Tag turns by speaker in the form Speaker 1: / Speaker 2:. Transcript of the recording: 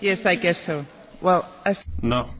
Speaker 1: Yes, I guess so.
Speaker 2: No,